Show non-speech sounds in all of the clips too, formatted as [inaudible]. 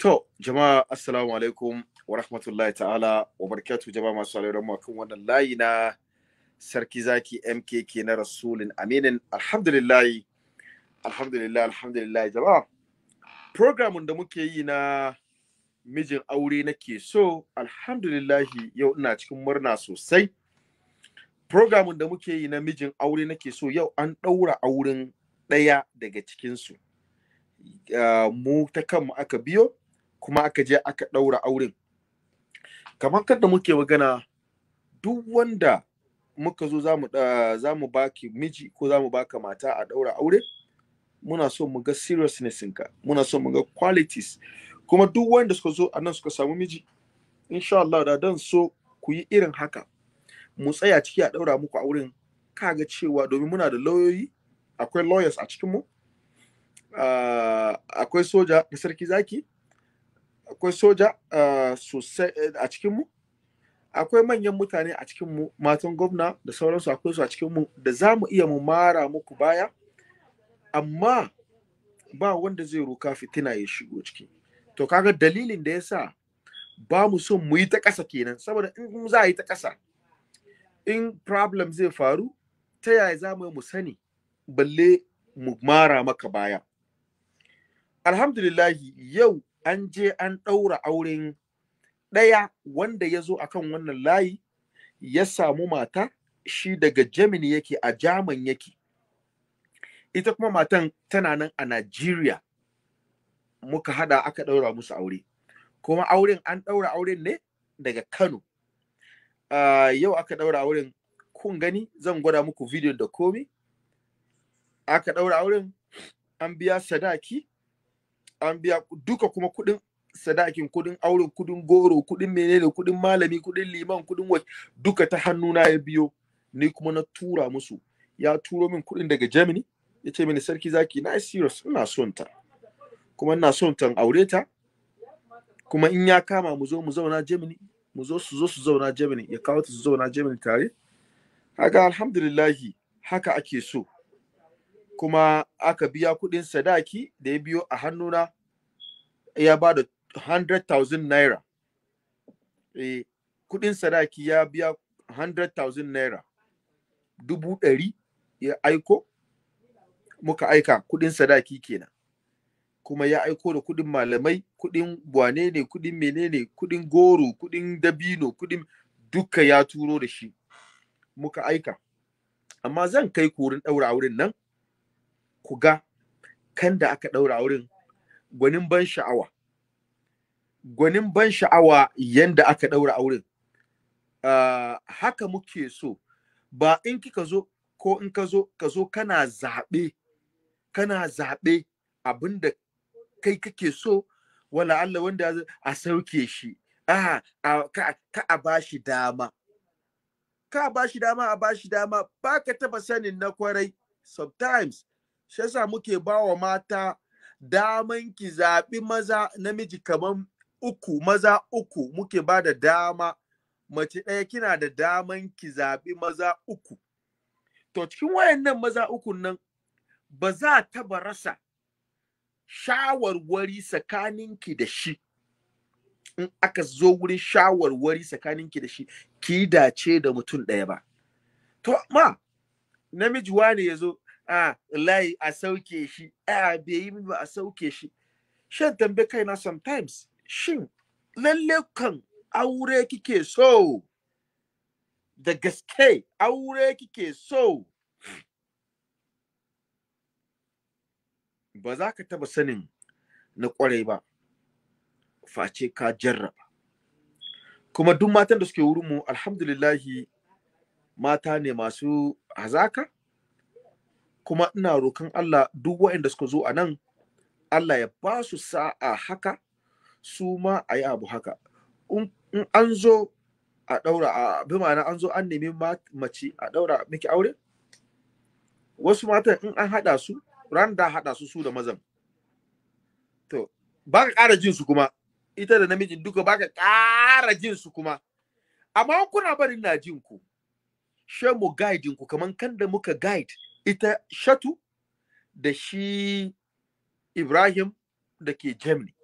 To, jama'a assalamu alaikum wa rahmatullahi ta'ala wa barkatu jama'a masu alaikun makon wannan layi na sarki zaki MKK na rasulin aminin alhamdulillahi alhamdulillah alhamdulillah jama'a programun da muke yi na mijin aure nake so alhamdulillahi yau ina cikin murna sosai programin da muke yi na mijin aure nake so yau an ɗaura auren ɗaya daga cikinsu uh, mu ta kanmu aka biyo kuma aka je aka ɗaura auren kamar kadda muke magana duk wanda muka zo eh, za mu baki miji ko za mu baka mata a ɗaura aure muna so mu ga seriousness ka muna so mu ga qualities kuma duk wanda suka zo a nan suka samu miji insha Allah da dan so ku yi irin haka mu tsaya ciki a ɗaura muku auren kaga cewa domin muna da lauyoyi akwai lawyers a cikin mu. Ah, akwai soja da sarki zaki akwai soja ah, sosai eh, a cikinmu akwai manyan mutane a cikinmu matan gwamna da sauransu akwai su a cikinmu da za mu iya mu mara muku baya amma ba wanda zai roka fitina ya shigo ciki to kaga dalilin da ya sa ba mu son mu yi ta ƙasa kenan saboda in za a yi ta ƙasa in problem zai faru ta yaya za mu yi mu sani balle mu mara maka baya alhamdulillahi yau an je an ɗaura auren ɗaya wanda ya zo akan wannan layi ya samu mata shi daga Germany yake a German yake ita kuma matan tana nan a Najeriya muka hada aka ɗaura musu aure kuma auren an ɗaura auren ne daga Kano uh, yau aka ɗaura auren kun gani zan gwada muku video da komi aka ɗaura auren an biya sadaki an biya duka kuma kuɗin sadakin kuɗin auren kuɗin goro kuɗin menene kuɗin malami kuɗin liman kuɗin wa duka ta hannu na ya biyo ni kuma na tura musu ya turo min kuɗin daga Germany ya ce mini sarki zaki na serious ina son ta kuma ina son ta aure ta kuma in ya kama mu zo mu zauna Germany mu zo su zo su zauna Germany ya kawo su zauna Germany tare haka alhamdulillahi haka ake so kuma aka biya kuɗin sadaki da ya biyo a hannuna ya ba da 100,000 naira e, kuɗin sadaki ya biya 100,000 naira dubu ɗari ya aiko muka aika kuɗin sadaki kenan kuma ya aiko da kuɗin malamai kuɗin bwane ne kuɗin menene kuɗin goro kuɗin dabino kuɗin duka ya turo da shi muka aika amma zan kai kurin ɗaura wurin nan ku ga kan da aka ɗaura wurin gwanin ban sha'awa gwanin ban sha'awa yanda aka ɗaura a wurin, ah, haka muke so ba in kika zo ko in ka zo ka zo kana zaɓe kana zaɓe abinda kai kake so wala Allah wanda a sauke shi ah, a ka, a a bashi dama ka a shi dama a bashi dama baka taba sanin na kwarai sometimes shi yasa muke bawa mata daman ki zaɓi maza namiji kaman uku maza uku muke ba da dama mace ɗaya kina da daman ki zaɓi maza uku to cikin wayannan maza uku nan ba za taɓa rasa shawarwari tsakaninki da shi in aka zo wurin shawarwari tsakaninki da shi ki dace da mutum ɗaya ba to ma namiji wane ya zo a layi a sauke shi a bai yi ba a sauke shi shan tambe kaina sometimes shin lalle kan aure kike so da gaske aure kike so ba za ka taba sanin na kwarai ba face ka jarraba kuma duk matan da suke wurinmu alhamdulillahi mata ne masu hazaka kuma ina rokan Allah duk waɗanda suka zo a nan Allah ya ba su sa'a haka su ma a yi abu haka in an zo a ɗaura a bi ma'ana an zo an nemi mace a ɗaura miki aure wasu matan in an haɗa su ran da haɗa su su da mazan to ba ka ƙara jin su kuma ita da namiji duka ba ka ƙara jin su kuma amma kuna barin na jin ku she mu guide ku kaman kan da muka guide ita shatu da shi ibrahim da ke germany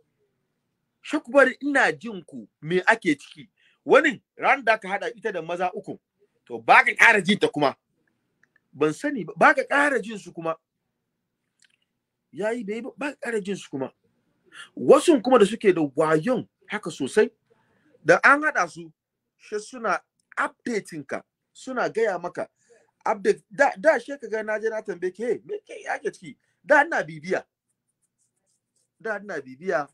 Shukubar ina jin ku me ake ciki wani ran da ka hada ita da maza uku to ba ka ƙara ji ta kuma ban sani ba ka ƙara jin su kuma yayi bai ba ka ƙara jin su kuma wasu kuma da suke da wayon haka sosai da an hada su shi suna updating ka suna gaya maka update da da she ka na je na tambaye ke me ke yake ciki da ina bibiya da ina bibiya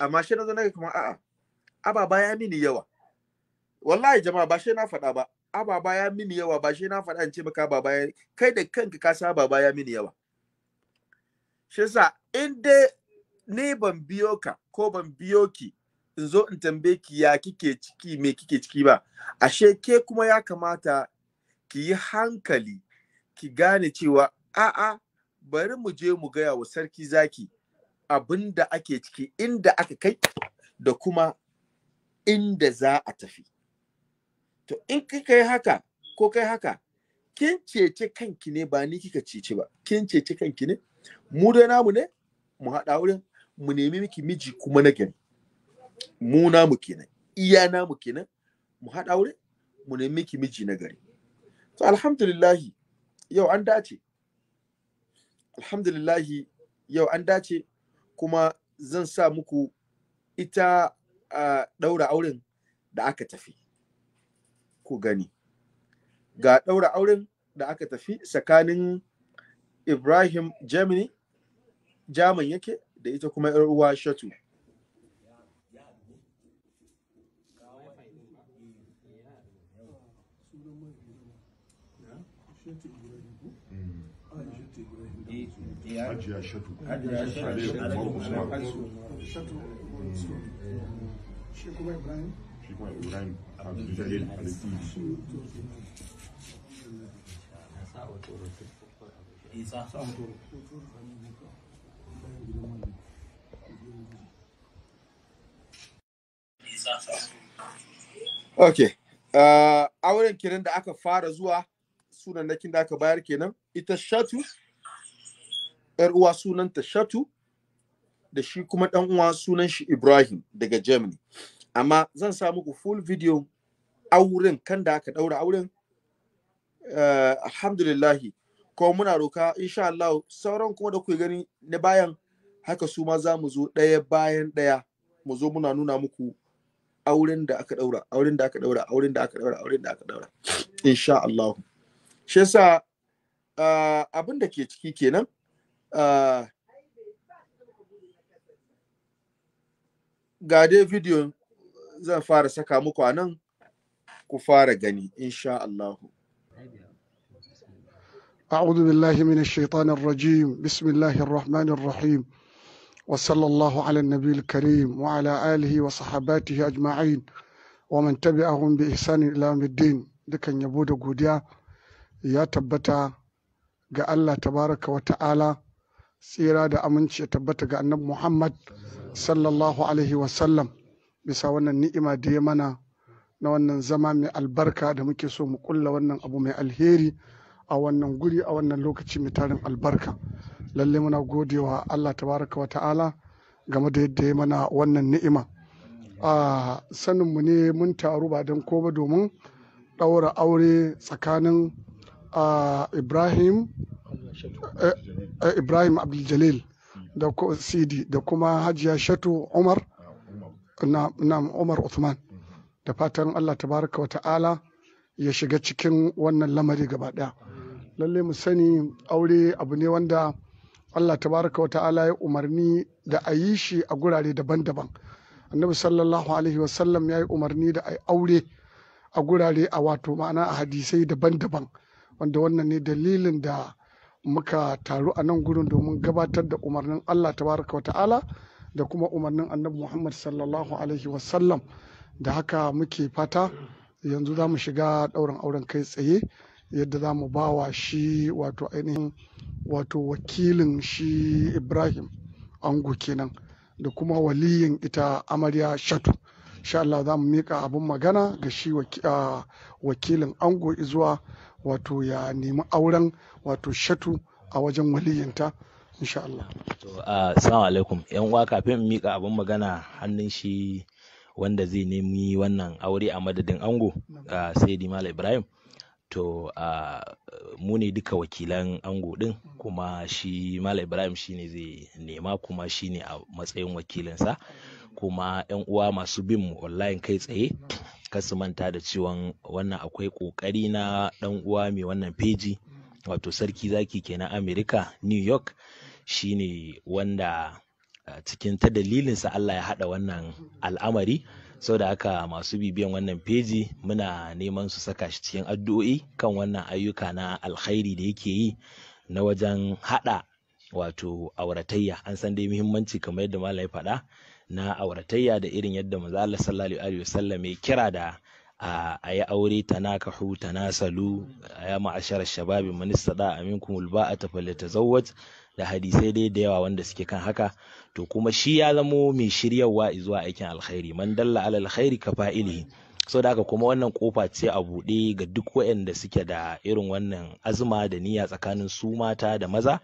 amma she na zo naga kuma a'a ababa ya mini yawa wallahi jama'a ba she na faɗa ba ababa ya mini yawa ba she na faɗa in ce maka Aba ya kai da kanka ka saba ababa ya mini yawa shi yasa in dai ni ban biyo ka ko ban biyo ki in zo in tambaye ki ya kike ciki me kike ciki ba ashe ke kuma ya kamata ki yi hankali ki gane cewa a'a bari mu je mu gaya wa sarki zaki abin da ake ciki inda aka kai da kuma inda za a tafi to in kika yi haka ko kai haka kin cece kanki ne ba ni kika cece ba kin cece kanki ne mu da namu ne mu haɗa wurin mu nemi miki miji kuma na gari mu namu kenan iya namu kenan mu haɗa wurin mu nemi miki miji na gari to alhamdulillahi yau an dace alhamdulillahi yau an dace kuma zan sa muku ita a uh, ɗaura auren da aka tafi ku gani ga ɗaura auren da aka tafi tsakanin ibrahim germany jaman yake da ita kuma uwa shatu ok auren kenan da aka fara zuwa sunannakin da aka bayar kenan ita shatu 'yar uwa sunanta Shatu da shi kuma ɗan uwa sunan shi Ibrahim daga Germany. Amma zan sa muku full video auren kan da aka ɗaura auren. Uh, alhamdulillahi ko muna roka insha Allah sauran kuma da ku gani na bayan haka su ma za mu zo ɗaya bayan ɗaya mu zo muna nuna muku auren da aka ɗaura auren da aka ɗaura auren da aka ɗaura auren da aka ɗaura insha Allah shi yasa uh, abin da ke ciki kenan ga dai video zan fara saka muku a nan ku fara gani insha Allah أعوذ بالله من الشيطان الرجيم بسم الله الرحمن الرحيم وصلى الله على النبي الكريم وعلى آله وصحاباته أجمعين ومن تبعهم بإحسان إلى يوم الدين dukan yabo da godiya ya tabbata ga Allah tabaraka wa ta'ala tsira da aminci ya tabbata ga annabi Muhammad sallallahu alaihi wasallam bisa wannan ni'ima da ya mana na wannan zama mai albarka da muke so mu kulla wannan abu mai alheri a wannan guri a wannan lokaci mai tarin albarka lalle muna godewa Allah tabaraka wa ta'ala game da yadda ya mana wannan ni'ima a saninmu ne mun taru ba don ko ba domin ɗaura aure tsakanin A ibrahim ibrahim abdul da sidi da kuma hajiya shatu umar na umar uthman da fatan allah tabaraka wa ta'ala ya shiga cikin wannan lamari gaba daya lalle mu sani aure abu ne wanda allah tabaraka wa ta'ala ya umarni da a yi shi a gurare daban-daban annabi sallallahu alaihi wasallam ya yi umarni da a aure a gurare a wato ma'ana a hadisai daban-daban wanda wannan ne dalilin da muka taru a nan gurin domin gabatar da umarnin Allah tabaraka wa ta'ala da kuma umarnin annabi Muhammad sallallahu alaihi wasallam da haka muke fata yanzu za mu shiga ɗaurin auren kai tsaye yadda za mu ba wa shi wato ainihin wato wakilin shi ibrahim ango kenan da kuma waliyin ita amarya shatu sha Allah za mu miƙa abin magana ga shi wakilin ango zuwa wato ya nemi auren wato shatu a wajen waliyinta insha Allah. To assalamu alaikum yan uwa kafin in mika abin magana hannun shi wanda zai nemi wannan aure a madadin ango a sai Malam Ibrahim. to mu ne duka wakilan ango din mm. kuma shi mala ibrahim shine zai nema kuma shine a matsayin wakilinsa kuma yan uwa masu bin mu online kai tsaye su manta da cewa wannan akwai ƙoƙari na ɗan uwa mai wannan feji wato sarki zaki ke na amerika new york shine wanda cikin ta dalilinsa allah ya haɗa wannan al'amari sau da haka masu bibiyan wannan feji muna neman su saka shi cikin addu'o'i kan wannan ayyuka na alkhairi da yake yi na wajen haɗa wato auratayya an san dai muhimmanci kamar yadda malam ya faɗa na auratayya da irin yadda manzo Allah sallallahu alaihi wasallam ya kira da a yi aure tanakahu a ya ma'ashara shababi man istada aminkum alba'ata falyatazawwaj da hadisai dai da yawa wanda suke kan haka to kuma shi ya zamo mai shiryarwa izuwa aikin alkhairi man dalla ala alkhairi ka fa'ili so da haka kuma wannan kofa ce a buɗe ga duk waɗanda suke da irin wannan azuma da niyya tsakanin su mata da maza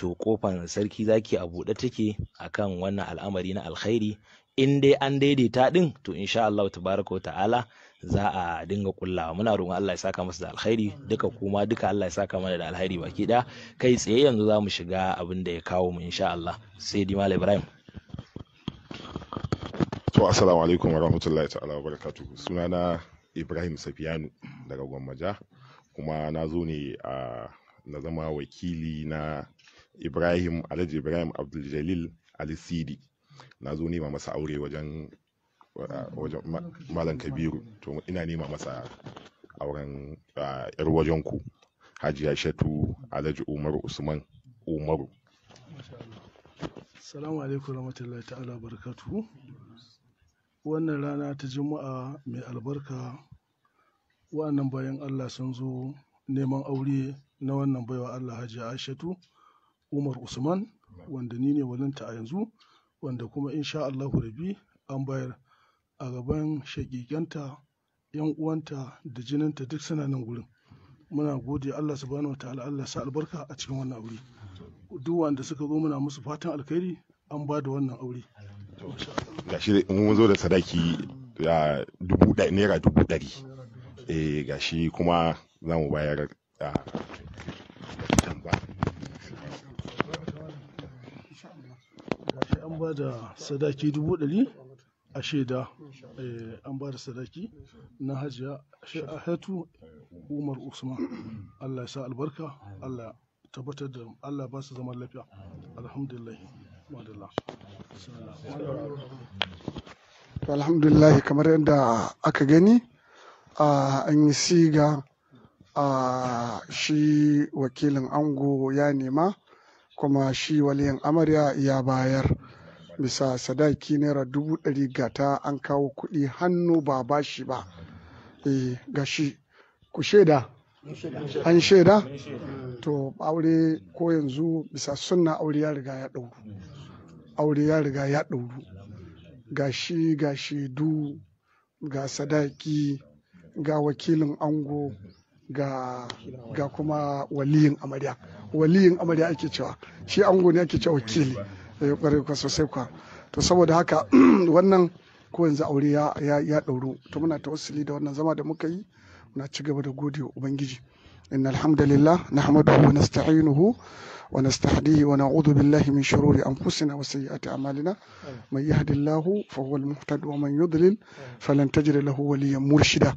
to kofan sarki zaki a buɗe take akan wannan al'amari na alkhairi in dai an daidaita din to insha Allah tabaraka ta'ala za a dinga kullawa muna roƙon Allah ya saka masa da alkhairi duka kuma duka Allah ya saka mana da alkhairi baki ɗaya kai tsaye yanzu za mu shiga abin da ya kawo mu insha Allah sai di mal Ibrahim to assalamu alaikum warahmatullahi ta'ala wa sunana Ibrahim Safiyanu daga Gwammaja kuma na zo ne a ah, na zama wakili na ibrahim alhaji ibrahim abdul jalil ali sidi na zo nema masa aure wajen uh, wajen malam kabiru to ina nema masa auren uh, yar wajen ku hajiya shatu alhaji umaru usman umaru salamu alaikum rahmatullahi ta'ala barakatu wannan rana ta juma'a mai albarka wa'annan bayan allah sun zo neman aure na wannan baiwa allah hajiya ashatu Umar Usman wanda ni ne walinta a yanzu wanda kuma insha Allahu rabi an bayar a gaban shagiganta yan uwanta da jininta duk suna nan gurin muna gode Allah subhanahu wataala Allah sa albarka a cikin wannan aure duk wanda suka zo muna musu fatan alkhairi an ba da wannan aure gashi mun zo da sadaki da dubu naira dubu ɗari eh gashi kuma za mu bayar ba da sadaki dubu ɗari a shaida eh, an ba da sadaki na hajiya a hatu umar usman allah ya sa albarka allah tabbatar da allah ba su zaman lafiya alhamdulillah alhamdulillah kamar yadda aka gani an yi siga a shi wakilin ango ya nema kuma shi waliyan amarya ya bayar bisa sadaki naira dubu ɗari gata an kawo kuɗi hannu ba bashi ba e eh, gashi ku shaida an shaida to aure ko yanzu bisa sunna aure ya riga ya ɗauru aure ya riga ya ɗauru gashi ga shedu, ga sadaki ga wakilin ango ga, ga kuma waliyin amarya waliyin amarya ake cewa shi ango ne ake cewa wakili ya eh, yi ƙwarai kwasa sai kwa to saboda haka [clears throat] wannan ko yanzu aure ya ɗauro to muna ta wasili da wannan zama da muka yi muna ci gaba da gode wa ubangiji inna alhamdulillah na hamadu wa nasta'inuhu wa nasta'adihi wa na'udhu billahi min shururi anfusina wa sayyiati a'malina mai yahdillahu fa huwa al-muhtadi wa man yudlil falan tajid lahu waliyyan murshida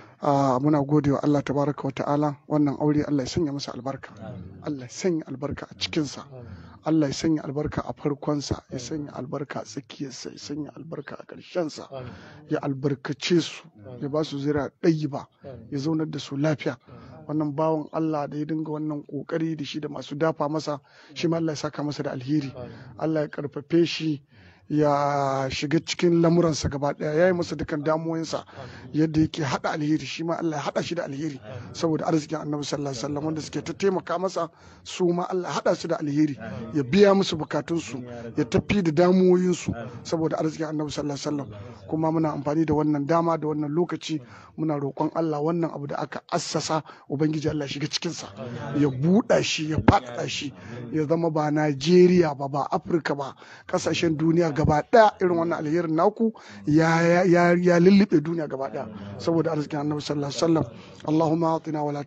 Ah, muna gode wa Allah tabaraka wa ta'ala wannan aure Allah ya sanya masa albarka Allah ya sanya albarka a cikinsa Allah ya sanya albarka a farkonsa ya sanya albarka a tsakiyarsa ya sanya albarka a sa ya albarkace su ya ba su zira ɗayi ba ya zaunar da su lafiya wannan bawan Allah da ya dinga wannan kokari da shi da masu dafa masa shi ma Allah ya saka masa da alheri Allah ya karfafe shi ya shiga cikin lamuransa gaba daya ya yi masa dukkan damuwoyinsa yadda yake hada alheri shi ma Allah ya hada shi da alheri saboda arzikin annabi sallallahu alaihi wasallam wanda suke ta taimaka masa su ma Allah hada su da alheri ya biya musu bukatunsu ya tafi da damuwoyinsu saboda arzikin annabi sallallahu alaihi wasallam kuma muna amfani da wannan dama da wannan lokaci muna roƙon Allah wannan abu da aka assasa ubangiji Allah shiga cikinsa ya buɗa shi ya faɗaɗa shi ya zama ba Najeriya ba ba Afirka ba kasashen duniya gaba daya irin wannan alherin naku ya ya ya lullube duniya gaba daya saboda arzikin annabi sallallahu alaihi wasallam allahumma atina wala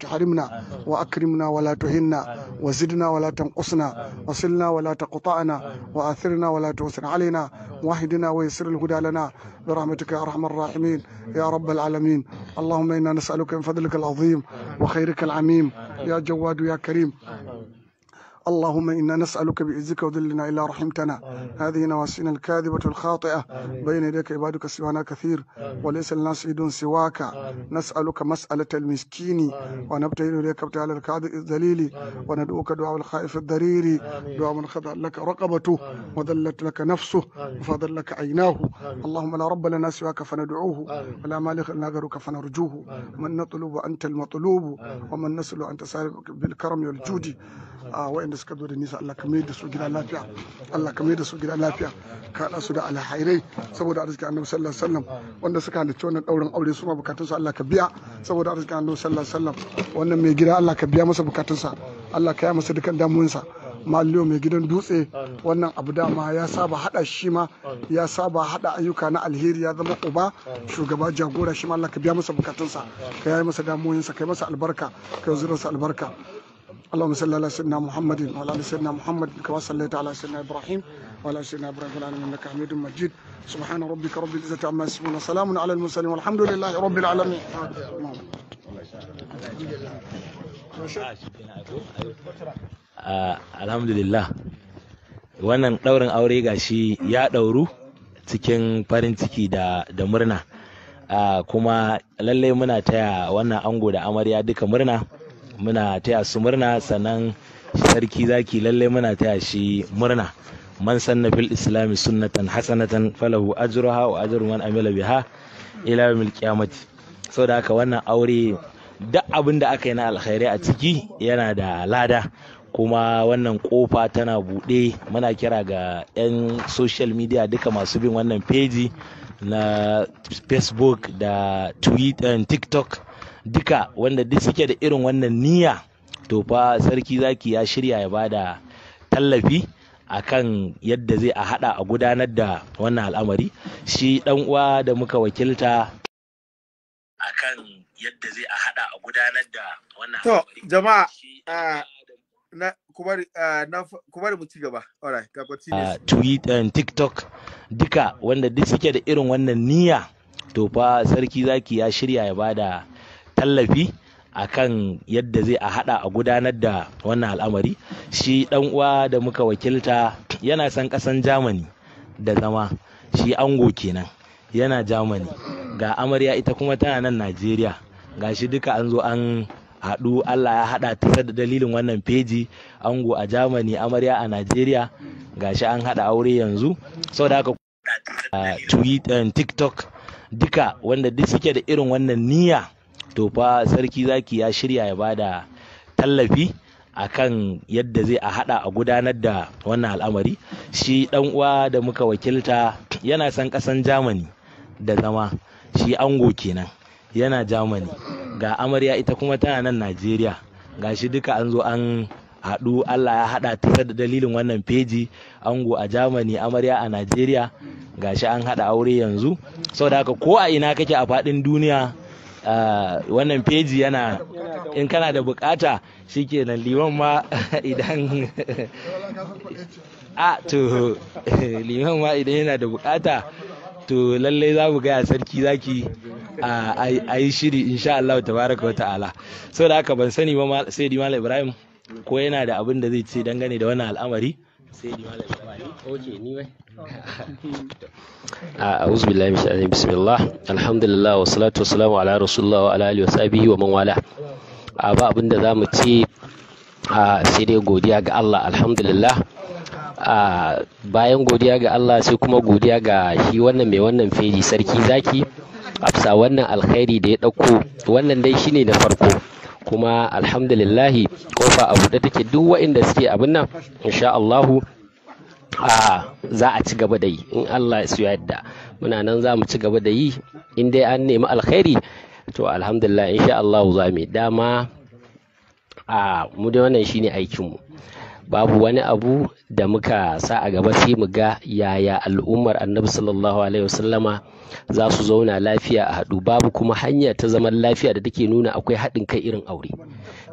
wa akrimna wala tuhinna wa zidna wala tanqusna wa silna wala taqta'na wa athirna wala alaina واهدنا ويسر الهدى lana برحمتك يا ارحم الراحمين يا رب العالمين اللهم انا نسالك من فضلك العظيم وخيرك العميم يا جواد يا كريم اللهم إنا نسألك بعزك وذلنا إلا رحمتنا هذه نواسينا الكاذبة الخاطئة بين يديك عبادك سوانا كثير وليس الناس عيد سواك نسألك مسألة المسكين ونبتهل إليك ابتهال الكاذب الذليل وندعوك دعاء الخائف الضرير دعاء من خضع لك رقبته وذلت لك نفسه وفضل لك عيناه اللهم لا رب لنا سواك فندعوه ولا مالك لنا غيرك فنرجوه من نطلب أنت المطلوب ومن نسأل أنت سالك بالكرم والجود a waɗanda suka zo da nisa Allah ka da su gida lafiya Allah ka da su gida lafiya ka haɗa su da alhairai saboda arziki annabi sallallahu alaihi wasallam wanda suka halicci wannan ɗaurin aure su ma bukatun su Allah ka biya saboda arziki annabi sallallahu alaihi wasallam wannan mai gida Allah ka biya masa bukatun sa Allah ka yi masa dukan damuwansa malliyo mai gidan dutse wannan abu dama ya saba hada shi ma ya saba hada ayyuka na alheri ya zama uba shugaba jagora shi ma Allah ka biya masa bukatunsa ka yayi masa damuwoyinsa ka yi masa albarka ka yi zuransa albarka اللهم صل على سيدنا محمد وعلى ال سيدنا محمد كما صليت على سيدنا ابراهيم وعلى سيدنا ابراهيم في العالمين انك حميد مجيد سبحان ربك رب العزه عما يصفون وسلام على المرسلين والحمد لله رب العالمين الحمد لله wannan ɗaurin aure gashi ya ɗauru cikin farin ciki da murna kuma lallai muna taya wannan ango da amarya duka murna muna taya su murna sannan sarki zaki lalle muna taya shi murna man sanna fil islami sunnatan hasanatan falahu ajruha wa ajru man amila biha ila yawmil qiyamati saboda haka wannan aure duk abin da aka yi na alkhairi a ciki yana da lada kuma wannan kofa tana buɗe muna kira ga 'yan social media duka masu bin wannan peji na facebook da twitter tiktok duka wanda duk suke da irin wannan niyya to fa sarki zaki ya shirya ya bada tallafi akan yadda zai a hada a gudanar da wannan al'amari shi dan uwa da muka wakilta akan yadda zai a hada a gudanar da wannan to jama'a uh, na kubari uh, mu cigaba alright ka continue uh, twitter and tiktok duka wanda duk suke da irin wannan niyya to fa sarki zaki ya shirya ya bada tallafi akan yadda zai a hada a gudanar da wannan al'amari shi dan uwa da muka wakilta yana san kasan jamani da zama shi ango kenan yana jamani ga amarya ita kuma tana nan najeriya ga shi duka an zo an haɗu allah ya haɗa ta da dalilin wannan feji ango a jamani amarya a najeriya ga shi an haɗa aure yanzu saboda haka tiktok duka wanda duk suke da irin wannan niyya to fa sarki zaki ya shirya ya bada tallafi akan yadda zai a hada a gudanar da wannan al'amari shi dan uwa da muka wakilta yana san kasan Jamani da zama shi ango kenan yana Jamani. ga amarya ita kuma tana nan najeriya ga shi duka an zo an haɗu allah ya haɗa ta da dalilin wannan feji ango a Jamani amarya a najeriya ga shi an haɗa aure yanzu saboda haka ko a ina kake a faɗin duniya Ah, wannan feji yana in kana da bukata shikenan liman ma [laughs] idan a [laughs] ah, to [laughs] liman ma idan yana da bukata to lallai za mu gaya sarki zaki a yi shiri insha Allah tabaraka ta'ala, sau da haka ban sani ba sai di malam ibrahim ko yana da abin da zai ce dangane da wannan al'amari [laughs] Ah, a'udhu billahi min shaitanir bismillah alhamdulillah wa salatu wa salamu ala rasulillah wa ala alihi wa sahbihi wa man wala a ah, ba abin da zamu ce ah, sai dai godiya ga Allah alhamdulillah a bayan godiya ga Allah sai kuma godiya ga shi wannan mai wannan feji sarki zaki afsa wannan alkhairi da ya dauko wannan dai shine na farko kuma alhamdulillahi kofa a buɗe take duk waɗanda suke abin nan insha Allahu za a ci gaba da yi in Allah su yadda muna nan za mu ci gaba da yi in dai an nemi alkhairi to alhamdulillah insha Allahu za mu dama a mu da wannan shine aikin mu babu wani abu da muka sa a gaba sai mu ga yaya al'ummar annabi sallallahu alaihi wasallama za su zauna lafiya a haɗu babu kuma hanya ta zaman lafiya da take nuna akwai haɗin kai irin aure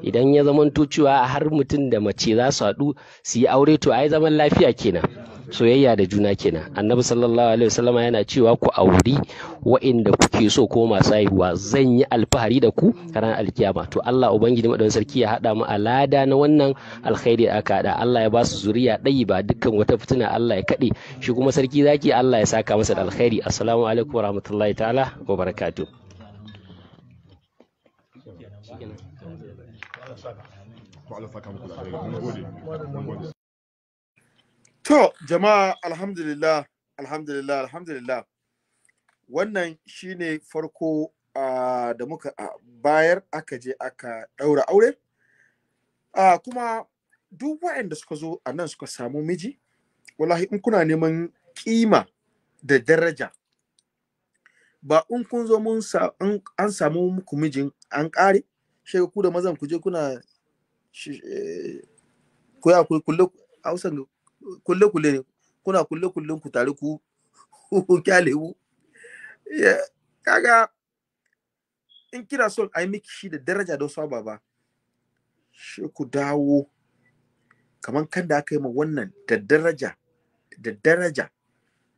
idan ya zamanto cewa har mutum da mace za su haɗu su yi aure to ai zaman lafiya kenan soyayya da juna kenan annabi sallallahu alaihi wasallama yana cewa ku auri wa'inda kuke so ko masu haihuwa zan yi alfahari da ku ranar alkiyama to Allah ubangiji madan sarki ya haɗa mu alada na wannan alkhairi aka haɗa Allah ya ba su zuriya ɗayi ba dukkan wata fitina Allah ya kaɗe shi kuma sarki zaki Allah ya saka masa da alkhairi assalamu alaikum warahmatullahi ta'ala wa barakatuh to jama'a alhamdulillah alhamdulillah alhamdulillah wannan shine farko da muka bayar aka je aka daura aure a kuma duk waɗanda suka zo a nan suka samu miji wallahi in kuna neman kima da daraja ba in kun zo mun an samu muku mijin an ƙare shi ku da mazan ku je kuna Eh, ko ya kulle hausan kulle kulle ne kuna kulle kullen ku tare ku [laughs] kyale ku kaga in kina son a yi miki shi da daraja da wasu ababa shi ku dawo kamar kan da aka yi ma wannan da daraja da daraja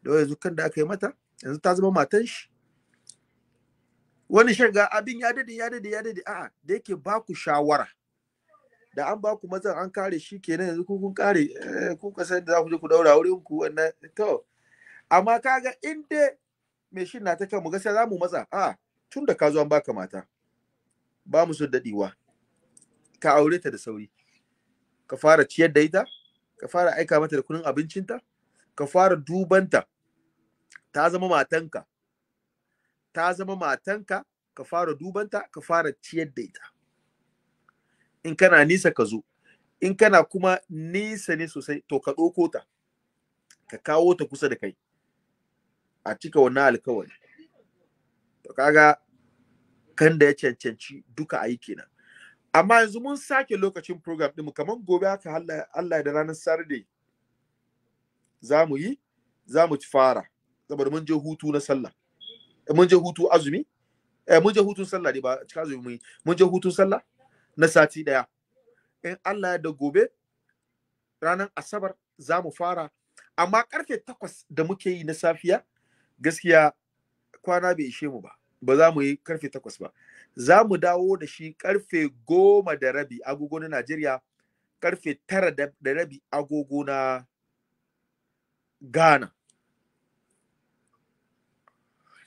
da yanzu kan da aka yi mata yanzu ta zama matan shi wani shiga abin ya dade ya dade ya dade a'a da yake ba ku shawara da an ba ku mazan an kare shi kenan yanzu ku kun kare eh, ku kasar da za ku je ku daura wurin ku wannan to amma kaga in dai mai shin na ta kan mu gaskiya za mu matsa a tun da ka zo an baka mata ba mu so dadewa ka aure ta da sauri ka fara ciyar da ita ka fara aika mata da abincin abincinta ka fara dubanta ta zama matanka ta zama matanka ka fara dubanta ka fara ciyar da ita in kana nisa ka zo in kana kuma nisa ne sosai to ka ɗauko ta ka kawo ta kusa da kai a cika wannan alkawari to kaga kan da ya cancanci duka a yi kenan amma yanzu mun sake lokacin program ɗinmu kamar gobe haka Allah da ranar Saturday za mu yi za mu fara saboda mun je hutu na sallah eh, mun je hutu azumi eh mun je hutun sallah ne ba cika azumi mun je hutun sallah na sati ɗaya in Allah ya da gobe ranar asabar za mu fara amma karfe takwas da muke yi na safiya gaskiya kwana bai ishe mu ba ba za mu yi karfe takwas ba za mu dawo da shi ƙarfe goma da rabi agogo na Najeriya karfe tara da rabi agogo na Ghana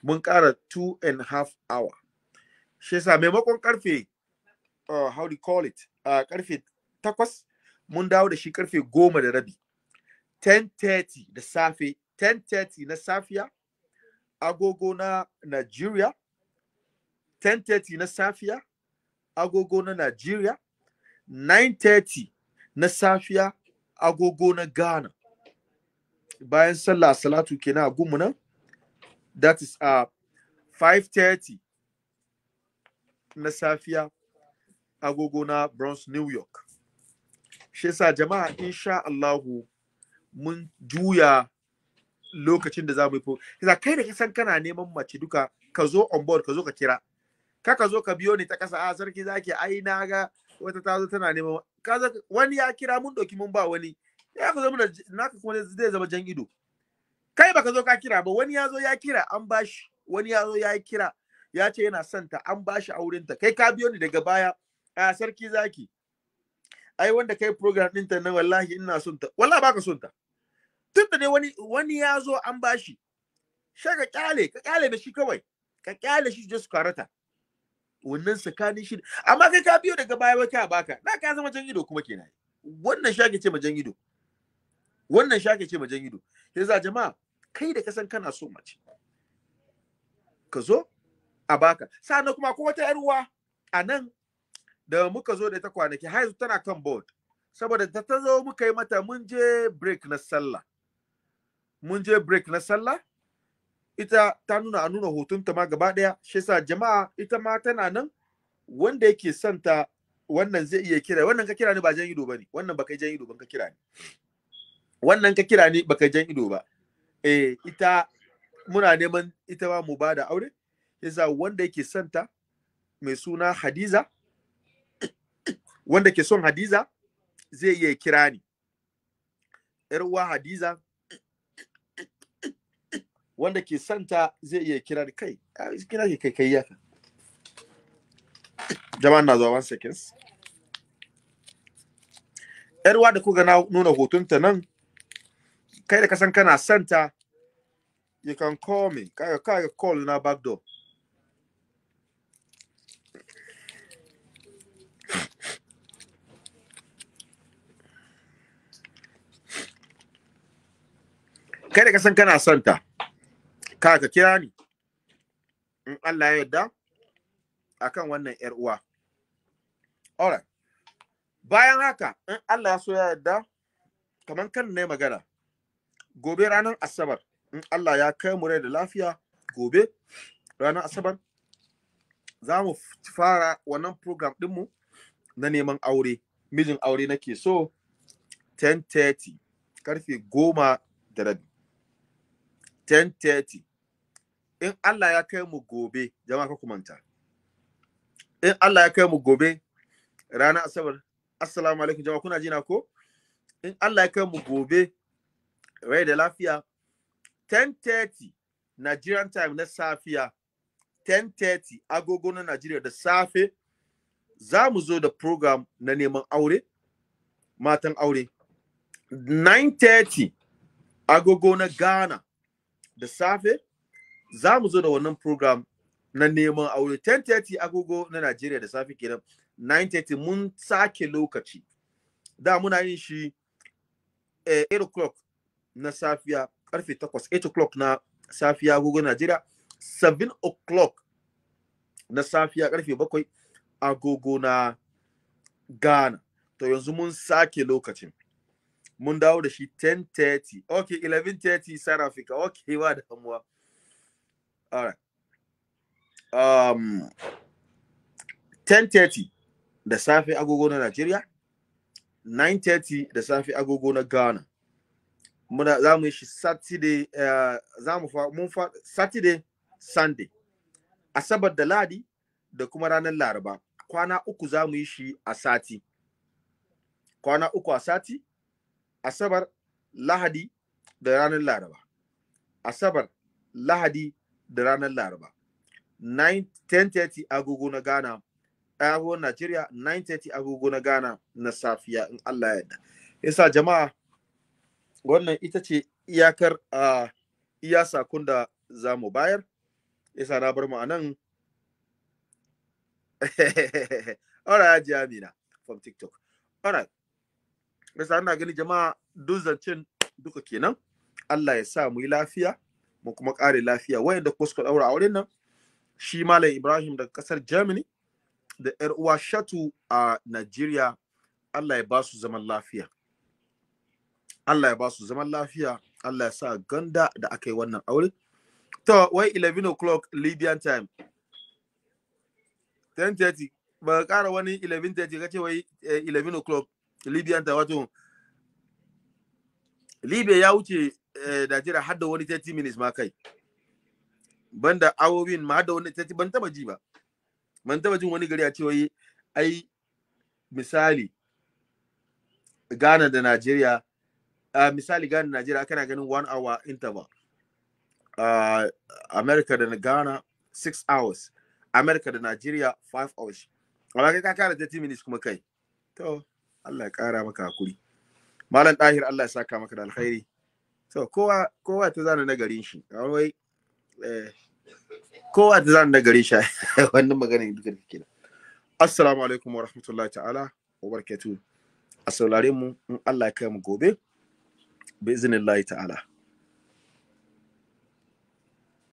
mun ƙara two and half hour shi yasa maimakon karfe uh, how do you call it uh, karfe takwas mun dawo da shi karfe goma da rabi 10:30 da safe 10:30 na safiya agogo na Nigeria 10:30 na safiya agogo na Nigeria 9:30 na safiya agogo na Ghana bayan sallah salatu kenan a gumu nan that is uh, 5:30 na safiya agogo na Bronx New York. Shi sa jama'a insha Allahu mun juya lokacin da za mu yi Yasa kai da kisan kana neman mace duka ka zo on board ka zo ka kira. Ka ka zo ka biyo ni ta kasa a ah, sarki zaki ai na ga wata ta zo tana neman kaza wani ya kira mun doki mun ba wani ya ka zo na ka kuma zai zama jan ido. Kai baka zo ka kira ba wani ya zo ya kira an bashi wani ya zo ya kira ya ce yana son ta an bashi aurenta kai ka biyo ni daga baya a sarki zaki ai wanda kai program ta na wallahi ina son ta wallahi baka son ta tun da dai wani wani ya zo an bashi sha ka kyale ka kyale da shi kawai ka kyale shi je su karata wannan tsakanin shi amma kai ka biyo daga baya ka baka na ka zama jan ido kuma kenan wannan shaka ce majan ido wannan shaka ce majan ido za jama'a kai da kasan kana so mace ka zo a baka sannan kuma ko wata yar uwa a nan da muka zo da ta kwanaki haizu tana kan board saboda ta ta zo muka yi mata mun je break na sallah mun je break na sallah ita ta nuna a nuna hotunta ma gaba daya shi yasa jama'a ita ma tana nan wanda yake son ta wannan zai iya kira wannan ka kira ni ba jan ido bane wannan baka jan ido ban ka kira ni wannan ka kira ni baka jan ido ba eh ita muna neman ita ma mu bada aure yasa wanda yake son ta mai suna Hadiza wanda ke son hadiza zai iya kira ni yar uwa hadiza wanda ke santa zai iya kira ni kai kira ke kai kai yaka jama'an na zuwa one seconds yar uwa da kuka na nuna hotunta nan kai da kasan kana santa you can call me kaga kaga call na back door kai da kasan kana son ta ka ka kira ni in Allah ya yarda akan wannan yar uwa alright bayan haka in Allah ya so ya yarda kaman kan ne magana gobe ranar asabar in Allah ya kai mu rai da lafiya gobe ranar asabar za mu fara wannan program mu na neman aure mijin aure nake so 10:30 karfe goma da rabi 10:30 in Allah ya kai mu gobe jama'a ku manta in Allah ya kai mu gobe ranar asabar assalamu alaikum jama'a kuna jina ko in Allah ya kai mu gobe rai da lafiya 10:30 Nigerian time na safiya 10:30 agogo na Nigeria da safe za mu zo da program na neman aure matan aure 9:30 agogo na Ghana da safe za mu zo da wannan program na neman aure 10:30 agogo na Najeriya da safe kenan 9:30 mun sake lokaci da muna yin shi eh, eight o'clock na safiya karfe takwas, eight o'clock na safiya agogo Najeriya seven o'clock na safiya karfe bakwai agogo na Ghana to yanzu mun sake lokacin mun dawo da shi 10:30 ok 11:30 Africa. ok [laughs] ba da hamuwa alright um, 10:30 da safe agogo na Najeriya 9:30 da safe agogo na Ghana muna za mu yi shi Saturday uh, za mu fa mun fa Saturday Sunday Asabar da Ladi da kuma ranar Laraba kwana uku za mu yi shi a sati kwana uku a sati asabar lahadi da ranar laraba asabar lahadi da ranar laraba 10:30 agogo na ghana agogon najeriya 9:30 agogo na ghana na safiya in allah ya yarda yasa jama'a wannan ita ce iyakar a iya sakon da za mu bayar yasa na bar mu a nan [laughs] ya ji Amina, from TikTok. All right. yasa ana gani jama'a duk zancen duka kenan Allah ya sa mu yi lafiya mu kuma ƙare lafiya wayanda kuma suka daura auren nan shi malam Ibrahim daga kasar Germany da yar uwa Shatu a Nigeria Allah ya ba su zaman lafiya Allah ya ba su zaman lafiya Allah ya sa ganda da aka yi wannan aure to wai 11 o'clock Libyan time 10:30 ba ƙara wani 11:30 ce wai 11 eh, o'clock libya ta wato libya ya wuce eh, najeriya har da wani 30 minutes ma kai banda awowin ma da wani 30 ban taba ji ba ban taba jin wani gari a cewa ai misali ghana da najeriya uh, misali ghana da najeriya kana ganin one hour interval uh, america da ghana six hours america da najeriya five hours amma kai ka kara 30 minutes kuma kai to Allah ya ƙara maka hakuri malam ɗahir Allah ya saka maka da alkhairi so kowa kowa ta zana nagarin shi wai eh, kowa ta zana nagarin shi [laughs] wannan maganin duka da kenan assalamu alaikum wa rahmatullahi ta'ala wa barakatuh a saurare mu in Allah ya kai mu gobe bi iznillahi ta'ala